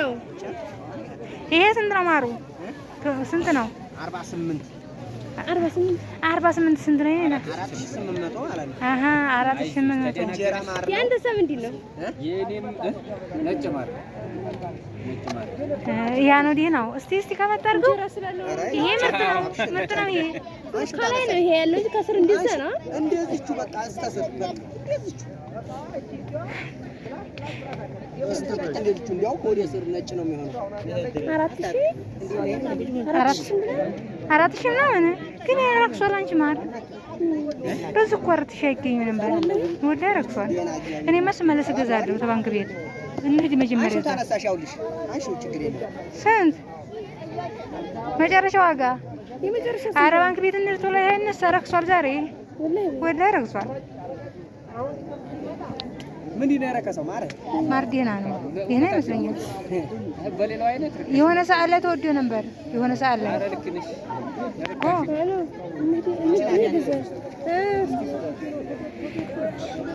ነው። ይሄ ስንት ነው ማሩ? ስንት ነው? አርባ ስምንት አርባ ስምንት ስንት ነው? አራት ሺህ ስምንት መቶ የአንድ ሰው ምንድን ነው? ያ ነው ዲህ ነው። እስቲ እስቲ ከመጣ ይሄ ምርጥ ነው፣ ምርጥ ነው። ይሄ ከላይ ነው ይሄ ያለው እንጂ ከስር እንደዚያ ነው። እንደዚቹ በቃ ነጭ ነው የሚሆነው። አራት ሺህ ምናምን ግን ረክሷል። አንቺ ማር በዚህ እኮ አራት ሺህ አይገኝም ነበር። ወላሂ ረክሷል። እኔማ ስመለስ እገዛለሁ ተባንክ ቤት እንሂድ። መጀመሪያ ስንት መጨረሻ ዋጋ? ኧረ ባንክ ቤት እንሂድ ቶሎ። ይሄንስ ረክሷል ዛሬ ወላሂ ረክሷል። ምንድን ነው የረከሰው? ማር ማር ደህና ነው፣ ደህና ይመስለኛል። በሌላው አይነት የሆነ ሰዓት ላይ ተወዶ ነበር። የሆነ ሰዓት ላይ አረ